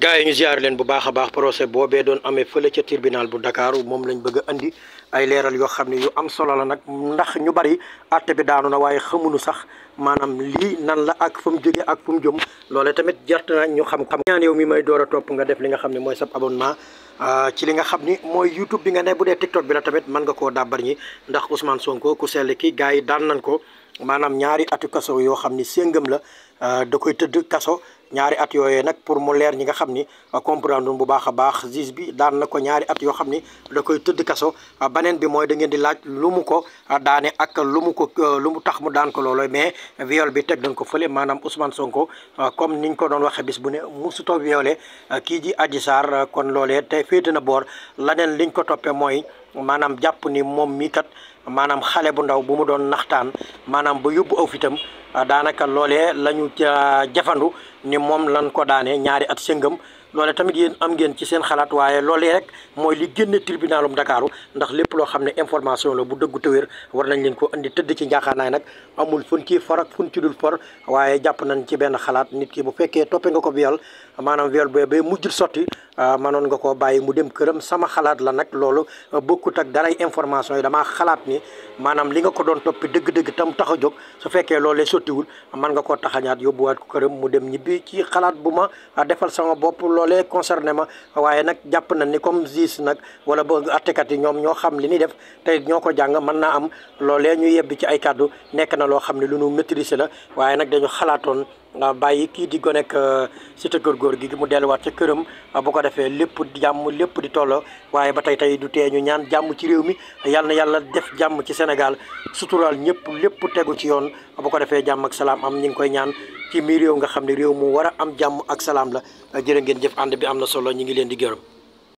gars yi ñu ziar leen bu baax a baax procès boobee doon amee fële ca tribunal bu Dakar moom lañ bëgg andi ay leeral yoo xam ne yu am solo la nag ndax ñu bari àtte bi daanu na waaye xamuñu sax maanaam lii nan la ak fu mu jógee ak fu mu jëm loole tamit jart na ñu xam xam yow mi may door topp nga def li nga xam ne mooy sab abonnement ah, ci li nga xam ni mooy YouTube bi nga ne bu dee TikTok bi la tamit mën nga koo dàbbar ñi ndax Ousmane Sonko ku sell ki gars yi daan nañ ko maanaam ñaari atu kaso yoo xam ni séngam la ah, da koy tëdd kaso ñaari at yooyee nag pour mu leer ñi nga xam ni ah, comprendre bu baax a baax juge bi daan na ko ñaari at yoo xam ni da koy tëdd kaso ah, baneen bi mooy da ngeen di laaj lu mu ko ah, daane ak lu mu ko lu mu tax mu daan ko loolooy mais viol bi teg nañ ko fële maanaam Ousmane Sonko comme niñ ko doon waxee bis bu ne musutoo violé kii ji Adji Sarr kon loole te féete na boor laneen liñ ko toppee mooy maanaam jàpp ni moom mii kat maanaam xale bu ndaw bu mu doon naxtaan maanaam ba yóbbu aw fitam Ah, daanaka loolee la ñu jafandu ni moom lan ko daanee ñaari at sëngam loole tamit yéen am ngeen ci seen xalaat waaye loolee rek mooy li génne tribunalum ndakaaru ndax lépp loo xam ne information la bu dëggu tëwér war nañ leen ko indi tëdd ci njaaxaanaay nag amul fun ci for ak fun ci dul for waaye jàpp nañ ci benn xalaat nit ki bu fekkee toppee nga ko viol maanaam viol bee ba mujjul sotti Ah, manoon nga koo bàyyi mu dem këram sama xalaat la nag loolu ah, bokkut ak daray information yi damaa xalaat ni maanaam li nga ko doon toppi dëgg-dëgg tam tax a jóg su fekkee loolee sottiwul man nga ko taxañaat yóbbuwaat ko këram mu dem ñibbi ci xalaat bu ma ah, defal sama bopp loolee concerné ma waaye nag jàpp na ni comme gis nag wala ba attekat yi ñoom ñoo xam li ni def tey ñoo ko jàng mën naa am loolee ñu yebbi ci ay kàddu nekk na loo xam ne lu nu la waaye nag dañu xalaatoon bàyyi kii di gonek Cité Keur Gorgui mu delluwaat ca këram defee lépp jàmm lépp di tolloo waaye ba tey tey du tee ñu ñaan jàmm ci réew mi yal na yàlla def jàmm ci Sénégal suturaal ñëpp lépp tegu ci yoon bu ko defee jàmm ak salaam am ñi ngi koy ñaan ci mii réew nga xam ne réew mu war a am jàmm ak salaam la jërë ngeen jëf ànd bi am na solo ñu ngi leen di gërëm